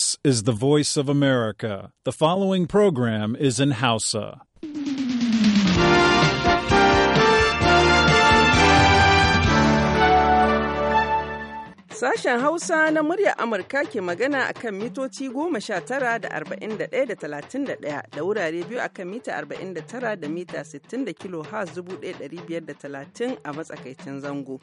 This is the voice of America. The following program is in Hausa. Sashen Hausa na muryar Amurka ke magana a kan mitoci goma sha tara da arba'in da ɗaya da talatin da ɗaya da wurare biyu a kan mita arba'in da tara da mita sittin da kilo has dubu ɗaya ɗari biyar da talatin a matsakaicin zango.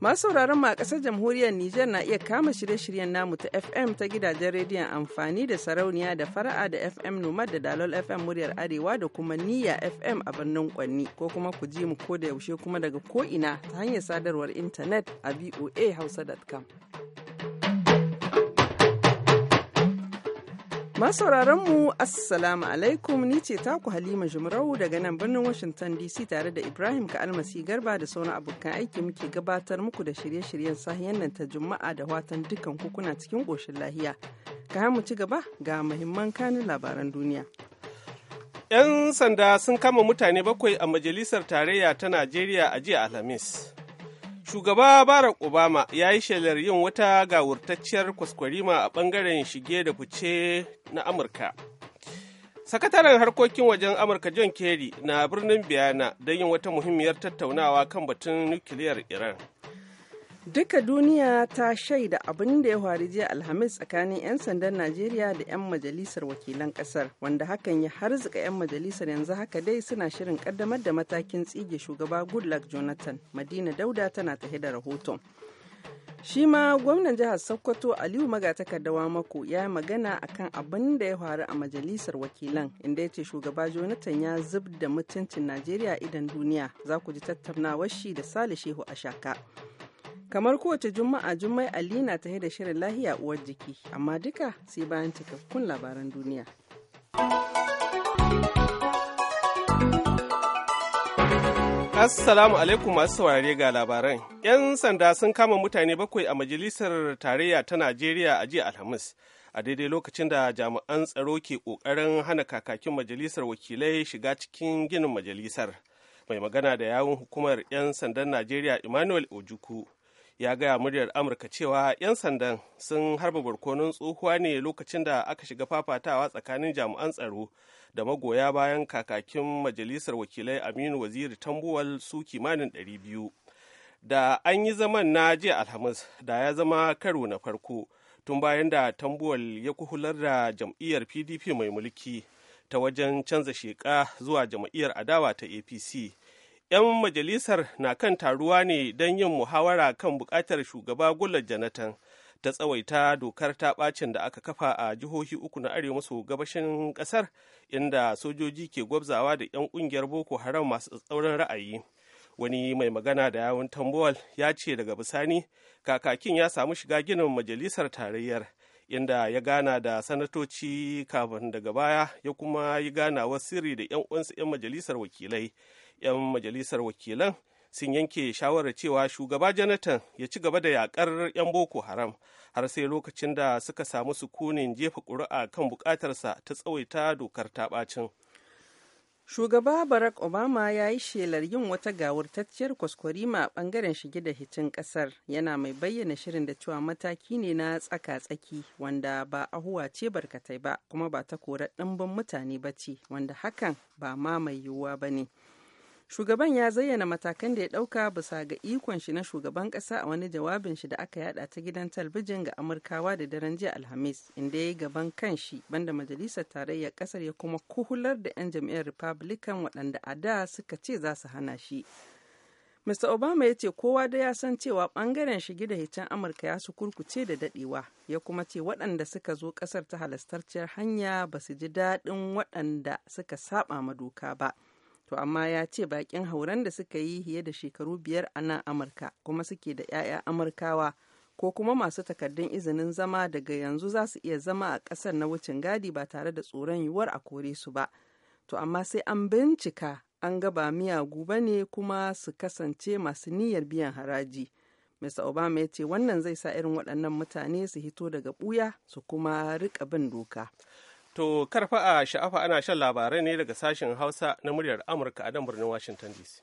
Masu sauraron ma ƙasar jamhuriyar Nijar na iya kama shirye-shiryen namu ta FM ta gidajen rediyon amfani da sarauniya da fara'a da FM Nomad da Dalol FM muryar Arewa da kuma Niyya FM a birnin Kwanni ko kuma ku ji mu ko da yaushe kuma daga ko ina ta hanyar sadarwar intanet a voa hausa.com. Masauraran mu Assalamu alaikum ni ce taku Halima Jumrawu daga nan birnin Washington DC tare da Ibrahim Ka'almasi Garba da sauran abokan aiki muke gabatar muku da shirye-shiryen sahiyan nan ta Juma'a da watan dukan kukuna cikin ƙoshin lahiya. Ka mu ci gaba ga muhimman kanin labaran duniya. 'Yan sanda sun kama mutane bakwai a Majalisar Tarayya ta Najeriya a jiya Alhamis. Shugaba Barack Obama ya yi shelar yin wata gawurtacciyar kwaskwarima a bangaren shige da fice na Amurka. Sakataren harkokin wajen Amurka John Kerry na birnin Biyana don yin wata muhimmiyar tattaunawa kan batun nukiliyar Iran. Duka duniya ta shaida abin da ya faru jiya Alhamis tsakanin 'yan sandan Najeriya da 'yan majalisar wakilan kasar, wanda hakan ya harzika 'yan majalisar yanzu haka dai suna shirin kaddamar da matakin tsige shugaba Goodluck Jonathan. Madina Dauda tana tahe da rahoton. Shi ma gwamnan jihar Sokoto Aliyu Magatakardawa Mako ya yi magana akan abin da ya faru a majalisar wakilan inda ya ce shugaba Jonathan ya zub da mutuncin Najeriya idan duniya. Za ku ji tattaunawar shi da Sale Shehu Ashaka. shaka. Kamar kowace Juma'a Jummai Ali na tahe da shirin lahiya uwar jiki, amma duka sai bayan cikakkun labaran duniya. Assalamu alaikum masu saurare ga labaran. 'Yan sanda sun kama mutane bakwai a Majalisar Tarayya ta Najeriya a jiya Alhamis. a daidai lokacin da jami'an tsaro ke kokarin hana kakakin majalisar wakilai shiga cikin ginin majalisar mai magana da yawun hukumar 'yan sandan najeriya emmanuel ojuku ya gaya muryar amurka cewa 'yan sandan sun harba barkonon tsohuwa ne lokacin da aka shiga fafatawa tsakanin jami'an tsaro da magoya bayan kakakin majalisar wakilai aminu waziri tambuwal su kimanin 200 da an yi zaman na jiya alhamis da ya zama karo na farko tun bayan da tambuwal ya kuhular da jam'iyyar pdp mai mulki ta wajen canza sheka zuwa jam'iyyar adawa ta apc 'yan majalisar na kan taruwa ne don yin muhawara kan bukatar shugaba gullar janatan ta tsawaita dokar ta bacin da aka kafa a jihohi uku na arewa maso gabashin kasar inda sojoji ke gwabzawa da 'yan kungiyar boko haram masu tsauran ra'ayi wani mai magana da yawun tambowal ya ce daga bisani kakakin ya samu shiga ginin majalisar tarayyar inda ya gana da sanatoci kafin daga baya ya kuma yi ganawar sirri da 'yan uwansu 'yan majalisar wakilai 'yan majalisar wakilan sun yanke shawarar cewa shugaba jonathan ya ci gaba da yakar 'yan boko haram har sai lokacin da suka samu sukunin jefa ƙuri'a kan buƙatarsa ta tsawaita dokar taɓacin. shugaba barack obama ya yi shelar yin wata gawurtacciyar kwaskwarima a bangaren shige da hicin kasar yana mai bayyana shirin da cewa mataki ne na tsaka-tsaki wanda ba ahuwa ce barkatai ba kuma ba ta kora ɗimbin mutane ba ce wanda hakan ba ma mai yiwuwa ba ne. shugaban ya zayyana matakan da ya ɗauka bisa ga ikon shi na shugaban ƙasa a wani jawabin shi da aka yada ta gidan talbijin ga amurkawa da daren jiya alhamis inda ya yi gaban kan shi banda majalisar tarayyar ƙasar ya kuma kuhular da 'yan jam'iyyar republican waɗanda a da suka ce za su hana shi Mr. Obama ya ce kowa da ya san cewa bangaren shige da hicen Amurka ya su kurkuce da dadewa, ya kuma ce waɗanda suka zo ƙasar ta halastarciyar hanya ba su ji daɗin waɗanda suka saba ma doka ba. to amma ya ce bakin hauren da suka yi fiye da shekaru biyar a nan amurka kuma suke da 'ya'ya amurkawa ko kuma masu takardun izinin zama daga yanzu za su iya zama a ƙasar na wucin gadi ba tare da tsoron yiwuwar a kore su ba to amma sai an bincika an gaba miyagu ba ne kuma su kasance masu niyyar biyan haraji Mr. Obama ya ce wannan zai sa irin waɗannan mutane su hito daga ɓuya su kuma riƙa bin doka. To karfa a sha'afa ana shan labarai ne daga sashen Hausa na muryar Amurka a nan birnin Washington DC.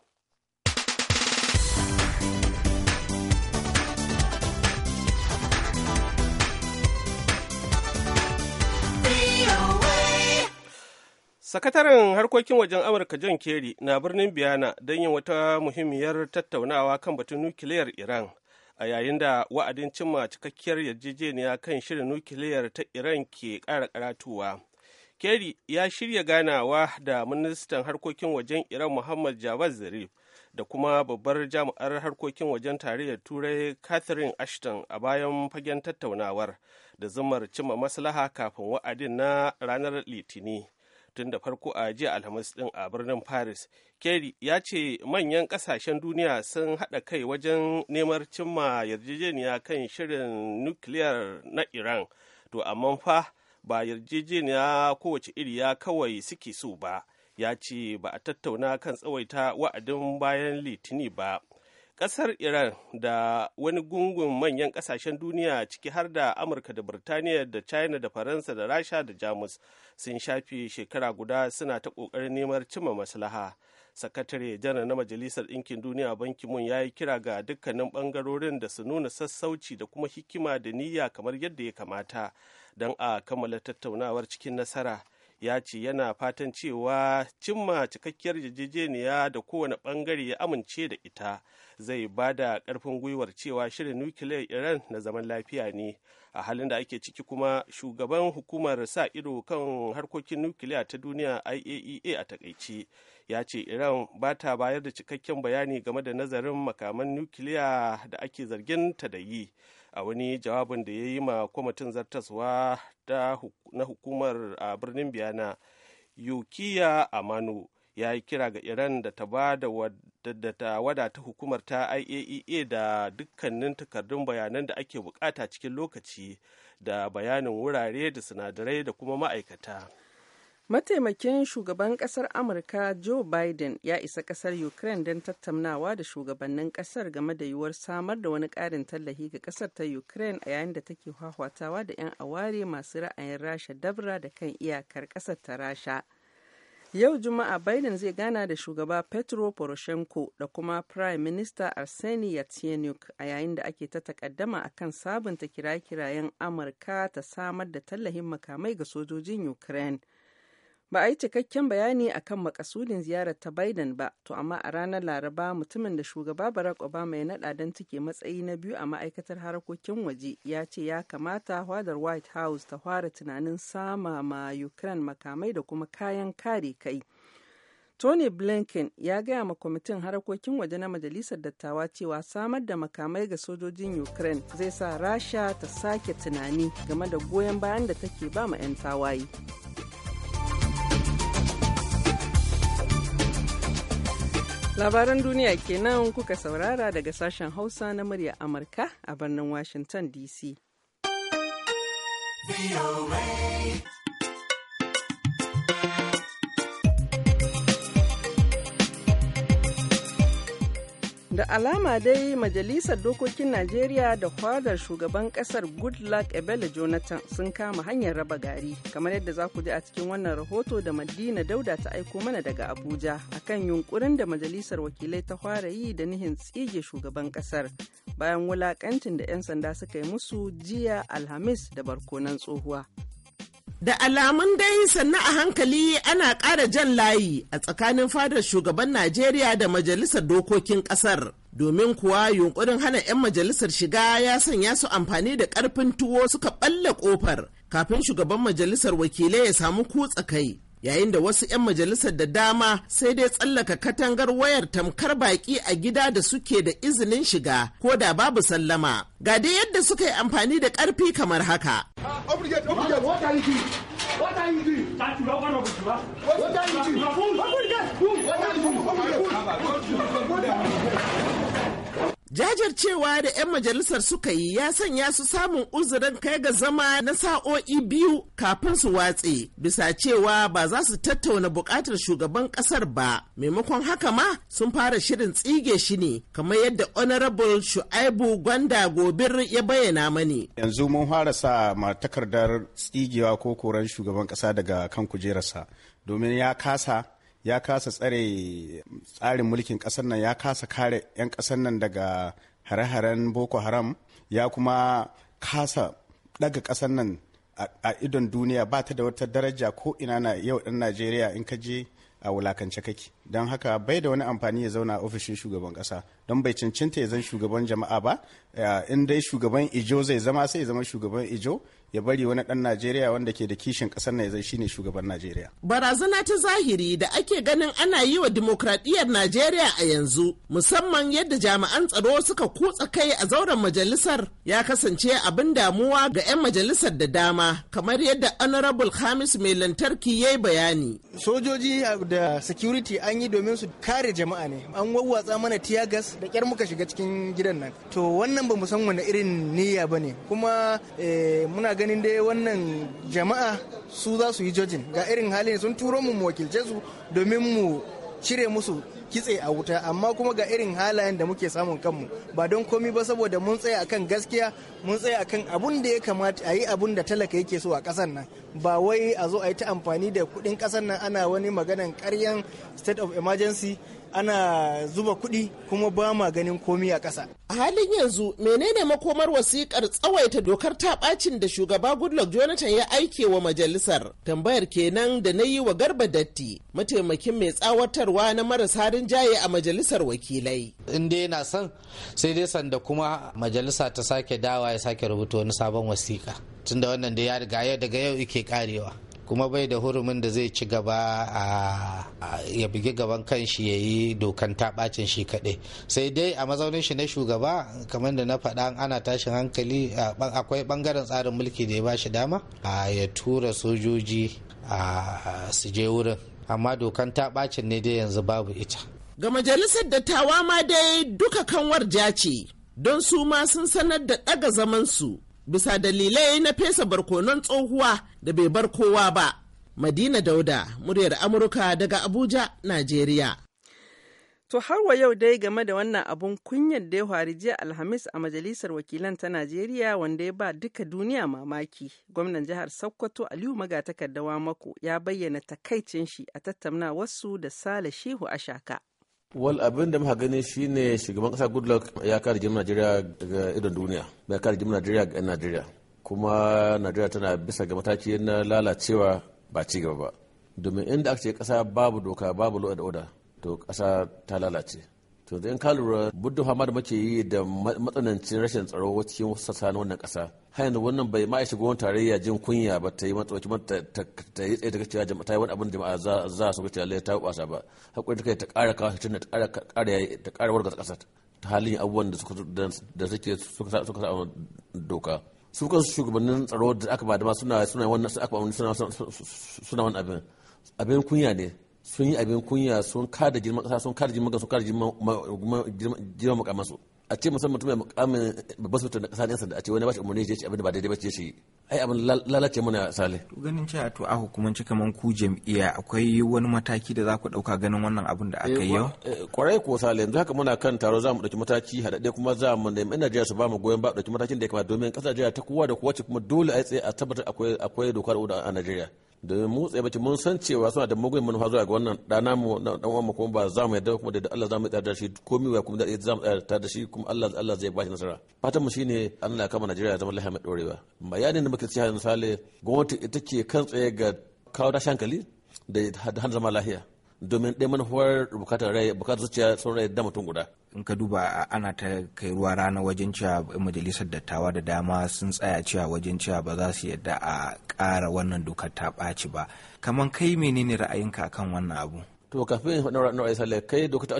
Sakataren harkokin wajen Amurka John Kerry na birnin Biyana don yin wata muhimmiyar tattaunawa kan batun nukiliyar Iran. a yayin da wa'adin cimma cikakkiyar yarjejeniya kan shirin nukiliyar ta iran ke ƙara karatuwa kerry ya shirya ganawa da ministan harkokin wajen iran muhammad javad zarif da kuma babbar jami'ar harkokin wajen tarayyar turai catherine ashton a bayan fagen tattaunawar da zumar cimma maslaha kafin wa'adin na ranar litini tun da farko a jiya alhamis din a birnin paris kerry ya ce manyan kasashen duniya sun haɗa kai wajen neman cimma yarjejeniya kan shirin nukiliyar na iran to amma fa ba yarjejeniya kowace iri iriya kawai suke so ba ya ce ba a tattauna kan tsawaita wa'adin bayan litini ba Ƙasar Iran da wani gungun manyan ƙasashen duniya ciki har da Amurka da Birtaniya da China da Faransa da Rasha da Jamus sun shafe shekara guda suna ta ƙoƙarin neman cimma maslaha. Sakatare jana na Majalisar Ɗinkin Duniya Banki Mun ya yi kira ga dukkanin ɓangarorin da su nuna sassauci da kuma hikima da niyya kamar yadda ya kamata don a kammala tattaunawar cikin nasara. ya ce yana fatan cewa cimma cikakkiyar yarjejeniya da kowane bangare ya amince da ita zai ba da karfin gwiwar cewa shirin nukiliyar iran na zaman lafiya ne a halin da ake ciki kuma shugaban hukumar sa ido kan harkokin nukiliya ta duniya iaea e a takaice ya ce iran ba ta bayar da cikakken bayani game da nazarin makaman nukiliya da ake zargin ta da yi a wani jawabin da ya yi ma kwamitin zartaswa na hukumar a birnin biyana yukiya amanu ya yi kira ga iran da ta ba da wadata hukumar ta iaea e da dukkanin takardun bayanan da ake bukata cikin lokaci da bayanin wurare da sinadarai da kuma ma'aikata. Mataimakin shugaban kasar Amurka Joe Biden ya isa kasar Ukraine don tattaunawa da shugabannin kasar game da yiwuwar samar da wani ƙarin tallahi ga kasar ta Ukraine a yayin da take hwahwatawa da 'yan aware masu ra'ayin Rasha dabra da kan iyakar kasar ta Rasha. Yau Juma'a Biden zai gana da shugaba Petro Poroshenko da kuma Prime Minister Arseniy Yatsenyuk a yayin da ake ta takaddama a kan sabunta kiraye-kirayen Amurka ta samar da tallahin makamai ga sojojin Ukraine. Ba a yi cikakken bayani akan makasudin ziyarar ta Biden ba, to amma a ranar Laraba mutumin da shugaba Barack Obama ya naɗa don cike matsayi na biyu a ma'aikatar harkokin waje ya ce ya kamata hwadar White House ta fara tunanin sama ma Ukraine makamai da kuma kayan kare kai. Tony Blinken ya gaya ma kwamitin harkokin waje na Majalisar Dattawa cewa samar da makamai ga sojojin Ukraine zai sa Rasha ta sake tunani game da goyon bayan da take ba ma 'yan tawaye. Labaran duniya kenan kuka saurara daga sashen Hausa na murya Amurka a birnin Washington DC. da alama dai majalisar dokokin najeriya da kwadar shugaban kasar goodluck ebele jonathan sun kama hanyar raba gari kamar yadda za ku ji a cikin wannan rahoto da madina dauda ta aiko mana daga abuja akan yunkurin da majalisar wakilai ta fara yi da nihin tsige shugaban kasar bayan wulakancin da 'yan sanda suka yi musu jiya alhamis da barkonan tsohuwa Da alamun dai sannu a hankali ana ƙara jan layi a tsakanin fadar shugaban Najeriya da majalisar dokokin ƙasar. Domin kuwa yunkurin hana 'yan majalisar shiga ya sanya su amfani da ƙarfin tuwo suka ɓalla ƙofar kafin shugaban majalisar wakilai ya samu kutsa kai yayin da wasu 'yan majalisar da dama sai dai tsallaka katangar wayar tamkar baki a gida da suke da izinin shiga ko da babu sallama ga dai yadda suka yi amfani da ƙarfi kamar haka What Jajircewa da 'yan majalisar suka yi ya sanya su samun uzurin kai ga zama na sa'o'i biyu kafin su watse bisa cewa ba za su tattauna buƙatar shugaban ƙasar ba. Maimakon haka ma sun fara shirin tsige shi ne kamar yadda Honorable Shu'aibu Gwanda Gobir ya bayyana mani. Yanzu mun fara sa ma tsigewa ko koran shugaban ƙasa daga kan kujerarsa domin ya kasa ya kasa tsare tsarin mulkin ƙasar nan ya kasa kare 'yan ƙasar nan daga hare-haren boko haram ya kuma kasa daga ƙasar nan a idon duniya ba ta da wata daraja ko ina na yau ɗan najeriya in ka je a wulakance kake don haka bai da wani amfani ya zauna a ofishin shugaban kasa don bai cancanta ya zan shugaban jama'a ba eh, in dai shugaban ijo zai zama sai zama shugaban ijo ya bari wani dan Najeriya wanda ke da kishin ƙasar ya zai shine shugaban Najeriya. Barazana ta zahiri da ake ganin ana yi wa dimokuraɗiyyar Najeriya a yanzu musamman yadda jami'an tsaro suka kutsa kai a zauren majalisar ya kasance abin damuwa ga 'yan majalisar da dama kamar yadda Honorable Hamis mai lantarki ya yi bayani. Sojoji da security an yi domin su kare jama'a ne an wawwatsa mana tiyagas da kyar muka shiga cikin gidan nan to wannan ba musamman san irin niyya ba ne kuma eh, muna ganin ganin dai wannan jama'a su za su yi jojin ga irin halin sun turo mu mu wakilce su domin mu cire musu kitse a wuta amma kuma ga irin halayen da muke samun kanmu ba don komi ba saboda mun tsaya akan gaskiya mun tsaya akan abun da ya kamata a yi abun da talaka yake so a ƙasar nan ba wai a zo a yi ta amfani da kuɗin ƙasar nan ana wani maganan karyan state of emergency ana zuba kuɗi kuma ba ma ganin komi a ƙasa. A halin yanzu menene makomar wasikar tsawaita dokar ta ɓacin da shugaba Goodluck Jonathan ya aike wa majalisar? Tambayar kenan da na yi wa Garba Datti, mataimakin mai tsawatarwa na marasa rinjaye a majalisar wakilai. In dai yana son sai dai sanda kuma majalisa ta sake dawa ya sake rubuta wani sabon wasiƙa. Tunda wannan da ya riga daga yau ike karewa. kuma bai da hurumin da zai ci gaba a ya bugi gaban kanshi ya yi dokan taɓacin shi kaɗai sai dai a mazaunin shi na shugaba kamar da na faɗa ana tashin hankali akwai ɓangaren tsarin mulki da ya ba shi dama a ya tura sojoji su je wurin amma dokan taɓacin ne dai yanzu babu ita ga majalisar dattawa ma dai duka kanwar ja ce don su ma sun sanar da ɗaga zamansu bisa dalilai na fesa barkonon tsohuwa da bai bar kowa ba. Madina Dauda, muryar Amurka daga Abuja, Najeriya. To har wa yau dai game da wannan abun kunyar da ya faru jiya Alhamis a Majalisar Wakilan ta Najeriya wanda ya ba duka duniya mamaki. Gwamnan jihar Sokoto Aliyu Magatakar Mako ya bayyana takaicin shi a tattauna wasu da Sale Shehu Ashaka. wal abin da muka gani shine shugaban kasa goodluck ya kare jimin najeriya daga idon duniya ya kare jimin najeriya ga 'yan najeriya kuma najeriya tana bisa ga mataki na lalacewa ba ci gaba ba domin inda aka ce kasa babu doka babu law and order to kasa ta lalace to da in ka lura buddu fama da muke yi da matsanancin rashin tsaro cikin wasu sassa na wannan kasa har yanzu wannan bai ma shiga wani tarayya jin kunya ba ta yi matsawaci ta yi tsaye daga cewa ta yi wani abin jama'a za su wuce lai ta kwasa ba hakuri ta ta ƙara kawo shi ta ƙara ta ƙasar ta halin abubuwan da suke suka sa doka su kansu shugabannin tsaro da aka ba da ma suna wannan abin abin kunya ne sun yi abin kunya sun kada girman kasa sun kada girman sun kada girman su a ce musamman mutum mai mukamin babban sautin da kasa ne sanda a ce wani ba shi umarni ya ce abin da ba daidai ba ce shi ai abin lalace muna sale to ganin cewa to a hukumance kaman ku jam'iyya akwai wani mataki da za ku dauka ganin wannan abin da aka yi yau kwarai eh, eh, ko sale yanzu haka muna kan taro za mu dauki mataki haɗaɗɗe kuma za mu nemi Najeriya su ba mu goyon ba dauki matakin da ya kamata domin kasar Najeriya ta kowa da kowace kuma dole a tsaye a tabbatar akwai akwai dokar oda a Najeriya da mu tsaye bace mun san cewa suna da mugun manufa zuwa ga wannan dana mu dan uwan mu kuma ba za mu yarda kuma da Allah za mu tsaya da shi komai wa kuma da za mu tsaya da shi kuma Allah Allah zai shi nasara fatan mu shine Allah kama Najeriya zama lahiya mai dorewa bayanin da muke cewa misali gwamnati ita ce kan tsaye ga kawo da shankali da hana zama lahiya domin ɗaya manufar bukatar rai bukatar zuciya sun rai da mutum guda in ka duba ana ta kai ruwa rana wajen cewa majalisar dattawa da dama sun tsaya cewa wajen cewa ba za su yadda a ƙara wannan dokar ta ɓaci ba kamar kai menene ra'ayinka akan wannan abu to kafin na ra'ayi sallai kai dokar ta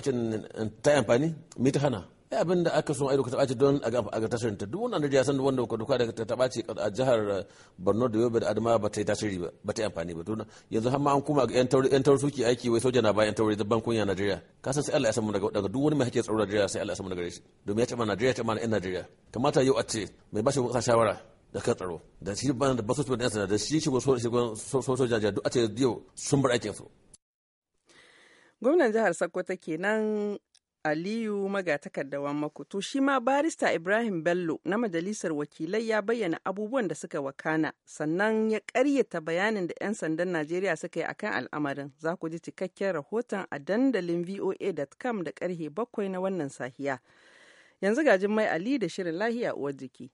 ta amfani me hana abin da aka son aiko ta ɓaci don a ga tashirin ta duk wani annabi ya san wanda ka duka da ta ɓaci a jihar Borno da Yobe da adama ba ta yi tasiri ba ta yi amfani ba to yanzu har an kuma ga yan taurin suke aiki wai soja na bayan taurin tauri zabban kunya Najeriya ka san sai Allah ya samu daga duk wani mai hake tsaro Najeriya sai Allah ya samu daga shi domin ya ce ma Najeriya ce ma yan Najeriya kamata yau a ce mai bashi ƙasa shawara da kan tsaro da shi ba da basu da yansa da shi shigo soja duk a ce yau sun bar aikinsu gwamnan jihar sokoto kenan Aliyu magatakardawan to shi ma barista Ibrahim Bello na majalisar wakilai ya bayyana abubuwan da suka wakana sannan ya ƙaryata bayanin da 'yan sandan Najeriya suka yi akan al'amarin za ku ji cikakken rahoton a dandalin voa.com da karhe bakwai na wannan sahiya yanzu gajin mai Ali da shirin lahiya uwar jiki.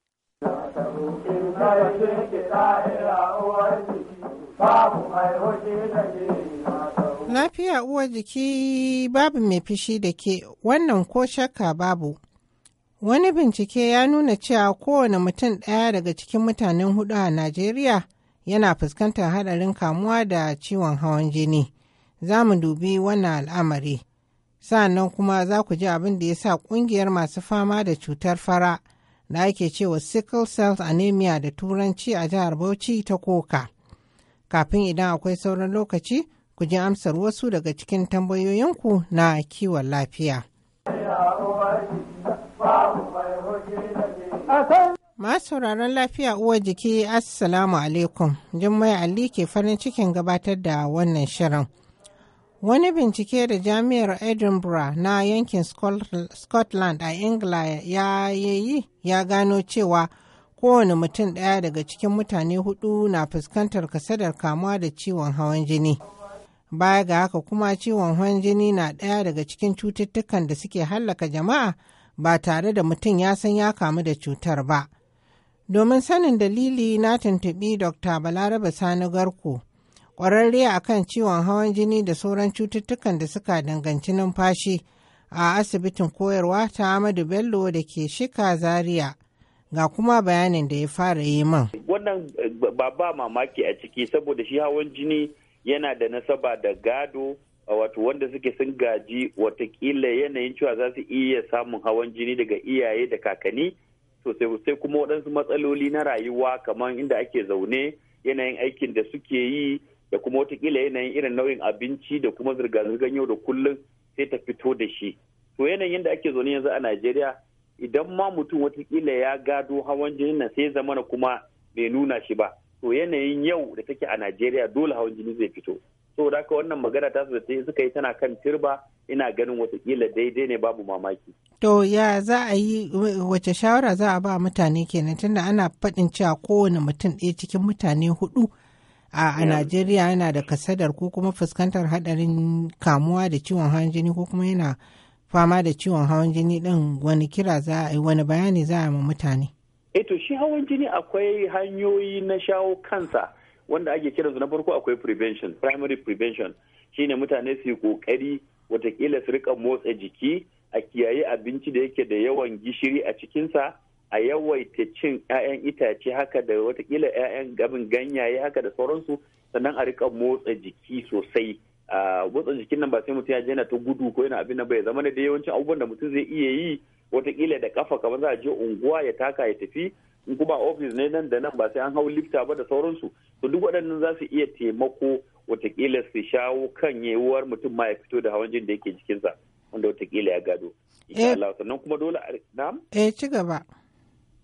Lafiya uwar jiki babu mai fishi da ke wannan ko shakka babu. Wani bincike ya nuna cewa kowane mutum ɗaya daga cikin mutanen hudu a Najeriya yana fuskantar haɗarin kamuwa da ciwon hawan jini. Za mu dubi wannan al'amari. Sa'annan kuma za ku ji abin da ya sa ƙungiyar masu fama da cutar fara da ake cewa sickle cell anemia da turanci a jihar Bauchi ta koka. kafin idan akwai sauran lokaci ku ji amsar wasu daga cikin tambayoyinku na kiwon lafiya. Masu sauraron lafiya uwar jiki Assalamu alaikum, Jummai Ali ke farin cikin gabatar da wannan shirin. Wani bincike da Jami'ar Edinburgh na yankin Scotland a Ingila ya yi ya gano cewa kowane mutum ɗaya daga cikin mutane hudu na fuskantar kasadar kamuwa da ciwon hawan jini. Baya ga haka kuma ciwon hawan jini na ɗaya daga cikin cututtukan da suke hallaka jama'a ba tare da mutum ya san ya kamu da cutar ba. Domin sanin dalili na tuntuɓi Dr. Balaraba Sani Garko, ƙwararre a kan ciwon hawan jini da sauran cututtukan da suka danganci numfashi a asibitin koyarwa ta Amadu Bello da ke Shika Zaria. ga kuma bayanin da ya fara yi man. Wannan eh, ba ba mamaki a ciki saboda shi hawan jini yana da nasaba da gado wato wanda suke sun gaji watakila yanayin cewa za su iya samun hawan jini daga iyaye da kakanni to sai kuma waɗansu matsaloli na rayuwa kamar inda ake zaune yanayin aikin da suke yi da kuma watakila yanayin irin nau'in abinci da kuma zirga-zirgar yau da kullum sai ta fito da shi to yanayin da ake zaune yanzu a najeriya idan ma mutum watakila ya gado hawan jini na sai zamana kuma bai nuna shi ba to yanayin yau da take a najeriya dole hawan jini zai fito saboda haka wannan magana ta su da suka yi tana kan tirba ina ganin watakila daidai ne babu mamaki. To ya za a yi wace shawara za a ba mutane kenan tunda ana faɗin cewa kowane mutum ɗaya cikin mutane hudu a Najeriya yana da kasadar ko kuma fuskantar haɗarin kamuwa da ciwon hawan jini ko kuma yana fama da ciwon hawan jini din wani kira za a yi wani bayani za a ma mutane eto eh shi hawan jini akwai hanyoyi na shawo kansa wanda ake kiransu na farko akwai prevention primary prevention shine mutane su yi kokari watakila su rika motsa jiki a kiyaye abinci da yake da yawan gishiri a cikinsa a yawaita cin 'ya'yan itace haka da watakila 'ya'yan gabin ganyaye haka da sauransu sannan a rika motsa jiki sosai motsa jikin nan ba sai mutum ya je na ta gudu ko yana abin nan bai zama ne da yawancin abubuwan da mutum zai iya yi watakila da kafa kamar za a je unguwa ya taka ya tafi in kuma ofis ne nan da nan ba sai an hau lifta ba da sauransu to duk waɗannan za su iya taimako watakila su shawo kan yiwuwar mutum ma ya fito da hawan jin da yake jikinsa wanda watakila ya gado. Eh, sannan kuma dole a Eh, ci gaba.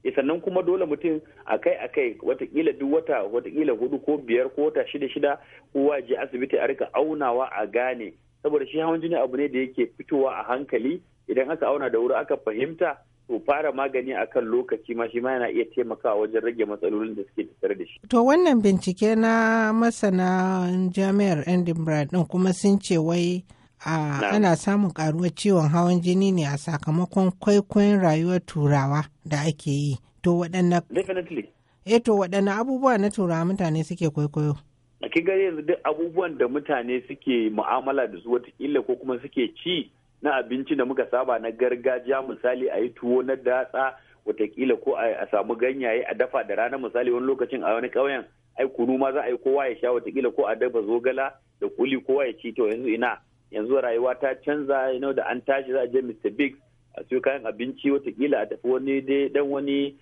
Eh, sannan kuma dole mutum akai akai watakila duk wata watakila hudu ko biyar ko wata shida shida kowa je asibiti a rika aunawa a gane saboda shi hawan jini abu ne da yake fitowa a hankali idan aka auna da wuri aka fahimta to fara magani akan lokaci ma shi ma yana iya taimakawa wajen rage matsalolin da suke tattare da shi. To wannan bincike na masana jami'ar Edinburgh din kuma sun ce wai ana samun karuwar ciwon hawan jini ne a sakamakon kwaikwayon rayuwar turawa da ake yi to waɗannan definitely eh to waɗannan abubuwa na turawa mutane suke kwaikwayo a kin gani yanzu duk abubuwan da mutane suke mu'amala da su watakila ko kuma suke ci na abinci da muka saba na gargajiya misali a yi tuwo na datsa watakila ko a samu ganyaye a dafa da rana misali wani lokacin a wani ƙauyen ai kunu ma za a yi kowa ya sha watakila ko a dafa zogala da kuli kowa ya ci to yanzu ina yanzu rayuwa ta canza you da an tashi za a je Mr. Big a siyo kayan abinci watakila a tafi wani dai dan wani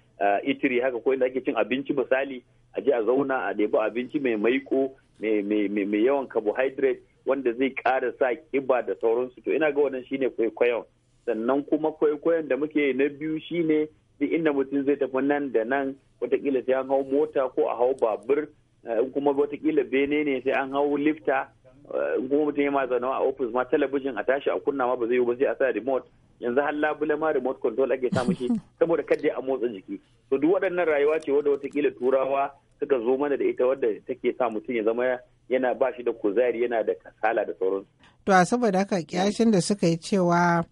itiri uh, haka ko inda ake cin abinci misali a je a zauna a debo abinci mai maiko mai yawan carbohydrate wanda zai kara sa kiba da sauransu to ina ga wannan shine kwaikwayon sannan kuma kwaikwayon da muke na biyu shine duk inda mutum zai tafi nan da nan watakila sai an hau mota ko a hau babur uh, kuma watakila bene ne sai an hau lifta kuma mutum ya ma zanawa a ofis ma talabijin a tashi a kunna ma ba zai yi ba sai a sa remote yanzu har labule ma remote control ake sa shi saboda kada a motsa jiki to duk waɗannan rayuwa ce wadda watakila turawa suka zo mana da ita wadda take sa mutum ya zama yana ba shi da kuzari yana da kasala da su. to a saboda haka kyashin da suka yi cewa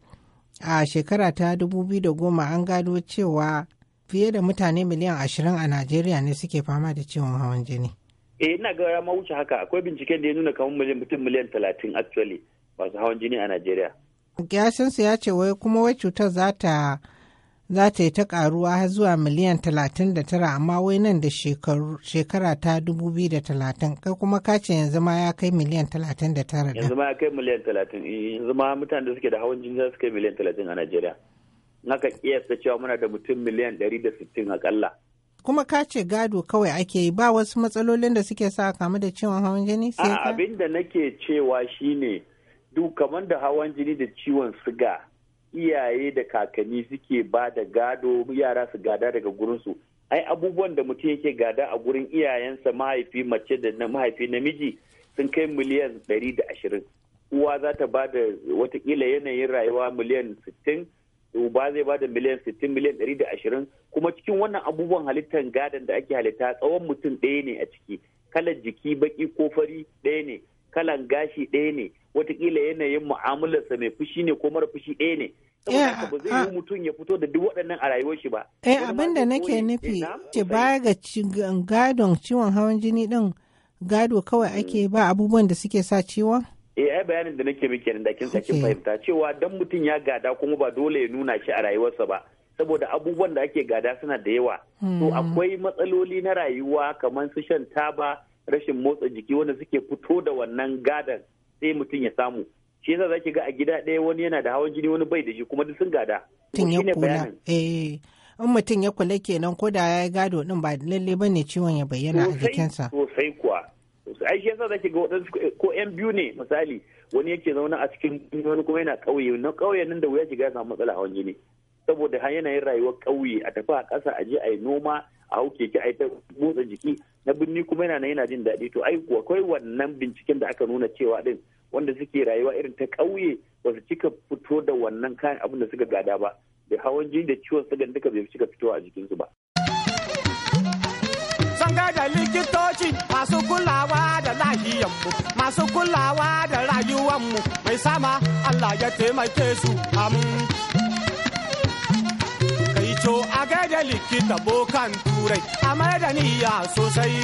a shekara ta dubu biyu da goma an gado cewa fiye da mutane miliyan ashirin a najeriya ne suke fama da ciwon hawan jini. eh ina ga ya ma wuce haka akwai binciken da ya nuna kamar miliyan mutum miliyan talatin actually masu hawan jini a Najeriya. su ya ce wai kuma wai cutar za ta za ta yi ta karuwa har zuwa miliyan talatin da tara amma wai nan da shekara ta dubu biyu da talatin kai kuma ka ce yanzu ma ya kai miliyan talatin da tara yanzu ma ya kai miliyan talatin eh, yanzu ma mutane da suke da hawan jini za su kai miliyan talatin a Najeriya. Naka kiyasta cewa muna da mutum miliyan ɗari da sittin akalla. kuma ka ce gado kawai ake yi ba wasu matsalolin da suke sa kamu da ciwon hawan jini sai ka abin da nake cewa shine duk kamar da hawan jini da ciwon siga iyaye da kakanni suke ba da gado yara su gada daga gurinsu ai abubuwan da mutum yake gada a gurin iyayensa mahaifi mace da mahaifi namiji sun kai miliyan ɗari da ashirin uwa za ta ba da watakila yanayin rayuwa miliyan sittin uba zai ba bada miliyan 60 miliyan 120 kuma cikin wannan abubuwan halittar gadon da ake halitta tsawon mutum ɗaya ne a ciki kalan jiki baki ko fari ɗaya ne kalan gashi ɗaya ne watakila yanayin mu'amalarsa mai fushi ne ko mara fushi ɗaya ne ba zai ah. yi mutum ya fito da duk waɗannan a rayuwar shi ba eh abin da nake nufi ce eh, baya ga gadon ciwon hawan jini din gado kawai ake mm. ba abubuwan da suke sa ciwon eh ai bayanin da nake miki da kin sakin fahimta cewa dan mutum ya gada kuma ba dole ya nuna shi a rayuwarsa ba saboda abubuwan da ake gada suna da yawa to hmm. akwai matsaloli na rayuwa kamar su shan taba rashin motsa jiki wanda suke fito da wannan gadan sai mutum ya samu shi yasa zaki ga a gida ɗaya wani yana da hawan jini wani bai da shi kuma duk sun gada eh. in mutum ya kula kenan ko da ya gado din ba lalle bane ciwon ya bayyana a jikinsa sosai kuwa ai shi yasa zaki ga wadansu ko yan biyu ne misali wani yake zaune a cikin wani kuma yana kauye na kauye nan da wuya shiga ya samu matsala wani ne saboda har yin rayuwar kauye a tafi a ƙasa a je a yi noma a hau keke a yi ta motsa jiki na birni kuma yana nan yana jin daɗi to ai akwai wannan binciken da aka nuna cewa din wanda suke rayuwa irin ta kauye ba su cika fito da wannan kayan abin da suka gada ba da hawan jini da ciwon sugan duka bai cika fitowa a jikinsu ba ga da kulawa da lahiyanmu mai sama Allah ya su kai a ga da likita bokan turai a sosai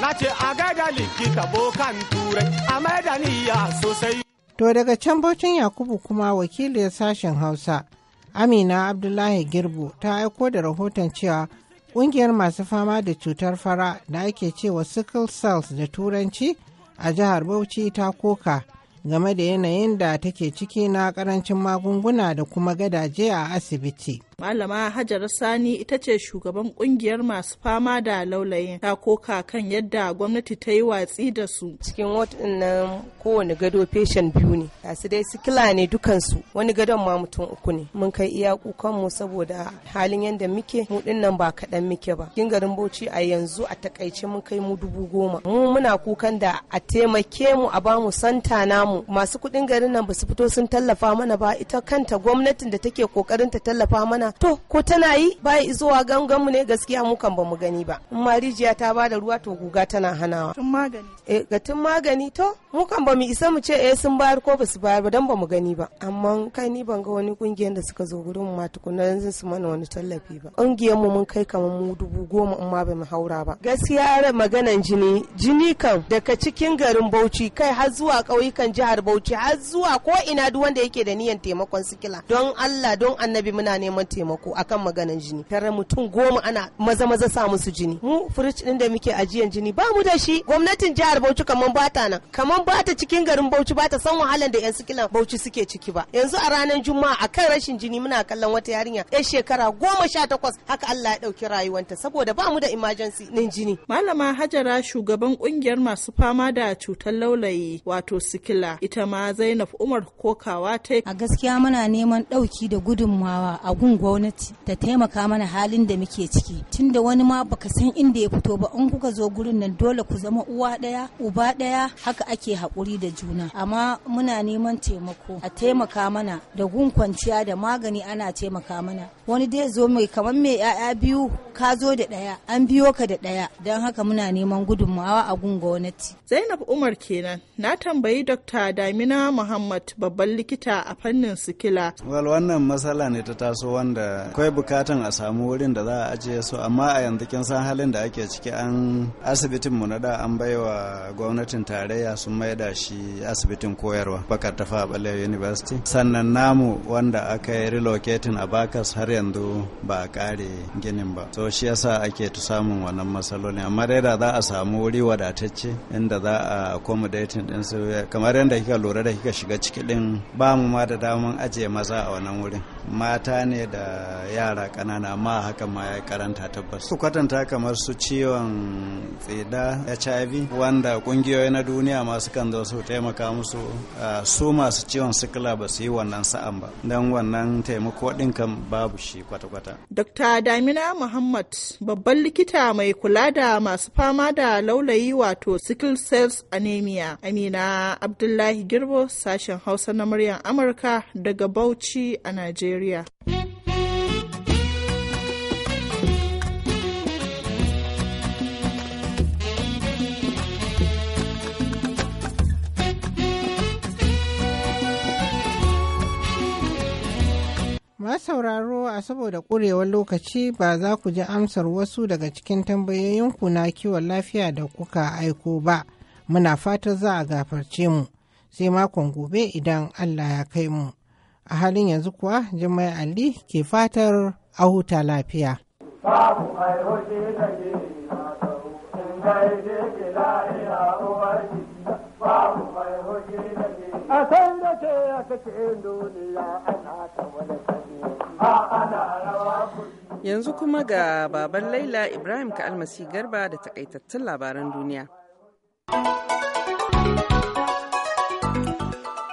na ce a ga da likita bokan turai a sosai To daga can Baucin Yakubu kuma wakilin sashen Hausa, Amina Abdullahi Girbu ta aiko da rahoton cewa Ƙungiyar masu fama da cutar fara da ake cewa sickle cells da turanci a jihar Bauchi ta koka game da yanayin da take ciki na ƙarancin magunguna da kuma gadaje a asibiti. Malama Hajar Sani ita ce shugaban kungiyar masu fama da laulayin ta koka kan yadda gwamnati ta yi watsi da su. Cikin nan kowane gado feshin biyu ne, Kasu dai sikila ne dukansu wani gadon ma mutum uku ne. Mun kai iya mu saboda halin yadda muke mu nan ba kaɗan muke ba. Kin garin Bauchi a yanzu a takaice mun kai mu dubu goma. Mu muna kukan da a taimake mu a ba mu santa namu masu kuɗin garin nan ba su fito sun tallafa mana ba ita kanta gwamnatin da take kokarin ta tallafa mana to ko tana yi bai zuwa gangan mu ne gaskiya mu kan bamu gani ba in ma rijiya ta bada ruwa to guga tana hanawa tun magani eh ga tun magani to mu kan bamu isa mu ce eh sun bayar ko basu bayar ba dan bamu gani ba amma kai ni ban ga wani kungiyar da suka zo gurin mu ma tukuna yanzu su mana wani tallafi ba kungiyar mu mun kai kamar mu dubu goma in ma bamu haura ba gaskiya maganan jini jini kan daga cikin garin Bauchi kai har zuwa ƙauyukan jihar Bauchi har zuwa ko ina duk wanda yake da niyan taimakon sikila don Allah don Annabi muna neman taimakon. taimako akan maganan jini tare mutum goma ana maza maza sa musu jini mu firij din da muke ajiyan jini ba mu da shi gwamnatin jihar Bauchi kaman bata nan kaman bata cikin garin Bauchi bata san wahalan da yan sikilan Bauchi suke ciki ba yanzu a ranar Juma'a akan rashin jini muna kallon wata yarinya yar shekara goma sha takwas haka Allah ya dauki rayuwanta saboda ba mu da emergency nin jini malama Hajara shugaban kungiyar masu fama da cutar laulayi wato sikila ita ma Zainab Umar kokawa ta a gaskiya muna neman dauki da gudunmawa a gungun gwamnati ta taimaka mana halin da muke ciki tunda wani ma baka san inda ya fito ba in kuka zo gurin nan dole ku zama uwa ɗaya uba ɗaya haka ake haƙuri da juna amma muna neman taimako a taimaka mana da gun kwanciya da magani ana taimaka mana wani dai zo mai kamar mai 'ya'ya biyu ka zo da ɗaya an biyo ka da ɗaya don haka muna neman gudunmawa a gun gwamnati zainab umar kenan na tambayi dr damina muhammad babban likita a fannin sikila wal wannan matsala ne ta taso wanda da akwai bukatan a samu wurin da za a ajiye su amma a yanzu kin san halin da ake ciki an asibitin mu na da an baiwa gwamnatin tarayya sun maida shi asibitin koyarwa bakar tafa balewa university sannan namu wanda aka yi relocating a bakas har yanzu ba a kare ginin ba so shi yasa ake ta samun wannan matsaloli amma dai da za a samu wuri wadatacce inda za a accommodating din su kamar yadda kika lura da kika shiga ciki din ba mu ma da damun ajiye maza a wannan wurin mata ne da yara kanana ma haka ma ya karanta tabbas su kwatanta kamar su ciwon tsida hiv wanda ƙungiyoyi na duniya masu kan su taimaka musu su masu ciwon sikila ba su yi wannan sa'an ba don wannan taimako din kan babu shi kwata-kwata. Dr. Damina Muhammad babban likita mai kula da masu fama da laulayi wato sickle cells anemia. Amina Abdullahi Girbo sashen Hausa na muryar Amurka daga Bauchi a Najeriya. Najeriya. sauraro a saboda ƙurewar lokaci ba za ku ji amsar wasu daga cikin tambayoyinku na kiwon lafiya da kuka aiko ba muna fatar za a gafarce mu sai makon gobe idan allah ya kai mu a halin yanzu kuwa jimai ali ke fatar a huta lafiya Yanzu kuma ga baban Laila Ibrahim Ka'almasi Garba da takaitattun labaran duniya.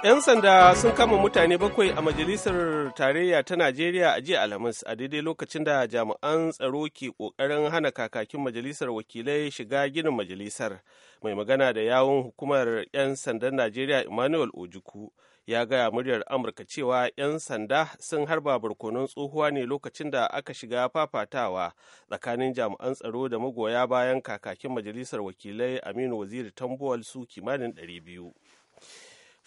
'Yan sanda sun kama mutane bakwai a Majalisar Tarayya ta Najeriya a jiya Alhamis a daidai lokacin da jami'an tsaro ke kokarin hana kakakin Majalisar Wakilai shiga ginin Majalisar. Mai magana da yawun hukumar 'yan sandan Najeriya Emmanuel Ojukwu ya gaya muryar Amurka cewa 'yan sanda sun harba barkonon tsohuwa ne lokacin da aka shiga fafatawa tsakanin jami'an tsaro da magoya bayan kakakin Majalisar Wakilai Aminu Waziri Tambuwal su kimanin 200.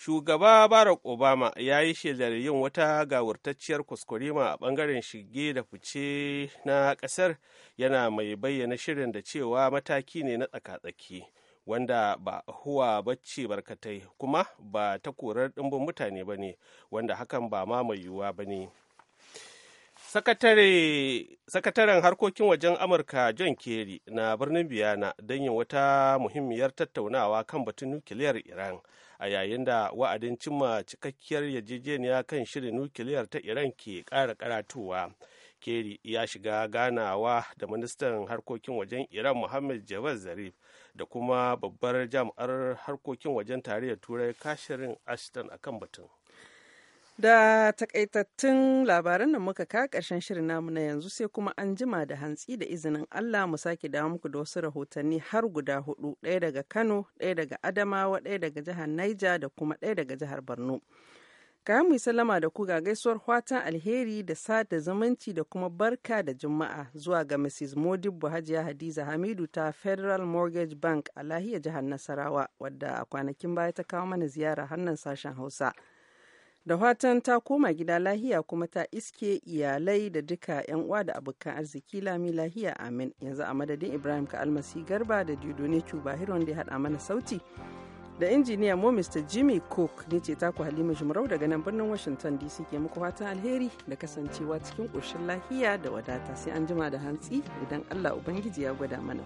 shugaba barack obama ya yi shelar yin wata gawurtacciyar kuskurema a bangaren shige da fice na kasar yana mai bayyana shirin da cewa mataki ne na tsaka-tsaki wanda ba huwa bacci barkatai kuma ba ta korar ɗimbin mutane ba ne wanda hakan ba ma mai yiwuwa ba ne sakataren harkokin wajen amurka john kerry na birnin biyana don yin wata muhimmiyar tattaunawa kan batun nukiliyar iran a yayin da wa'adin cimma cikakkiyar yarjejeniya kan shirin nukiliyar ta iran ke ƙara karatuwa keri ya shiga ganawa da ministan harkokin wajen iran muhammad javad zarif da kuma babbar jami'ar harkokin wajen tarayyar turai kashirin ashton kan batun Da takaitattun labaran da muka ka ƙarshen shirin namu na yanzu sai kuma an jima da hantsi da izinin Allah mu sake dawo muku da wasu rahotanni har guda hudu ɗaya daga Kano, ɗaya daga Adamawa, ɗaya daga jihar Niger da kuma ɗaya daga jihar Borno. Ka mu sallama da ku ga gaisuwar fatan alheri da sada zumunci da kuma barka da juma'a zuwa ga Mrs. modibbo Hajiya Hadiza Hamidu ta Federal Mortgage Bank a lahiyar jihar Nasarawa wadda a kwanakin baya ta kawo mana ziyara hannan sashen Hausa. da fatan ta koma gida lahiya kuma ta iske iyalai da duka 'yan uwa da abokan arziki lami lahiya amin yanzu a madadin ibrahim ka almasi garba da dudone bahir wanda ya haɗa mana sauti da injiniya mo mr jimmy cook ne ce ta ku halima jimarau daga nan birnin washington dc ke muku fatan alheri da kasancewa cikin ƙoshin lahiya da wadata sai an jima da hantsi idan allah ubangiji ya gwada mana.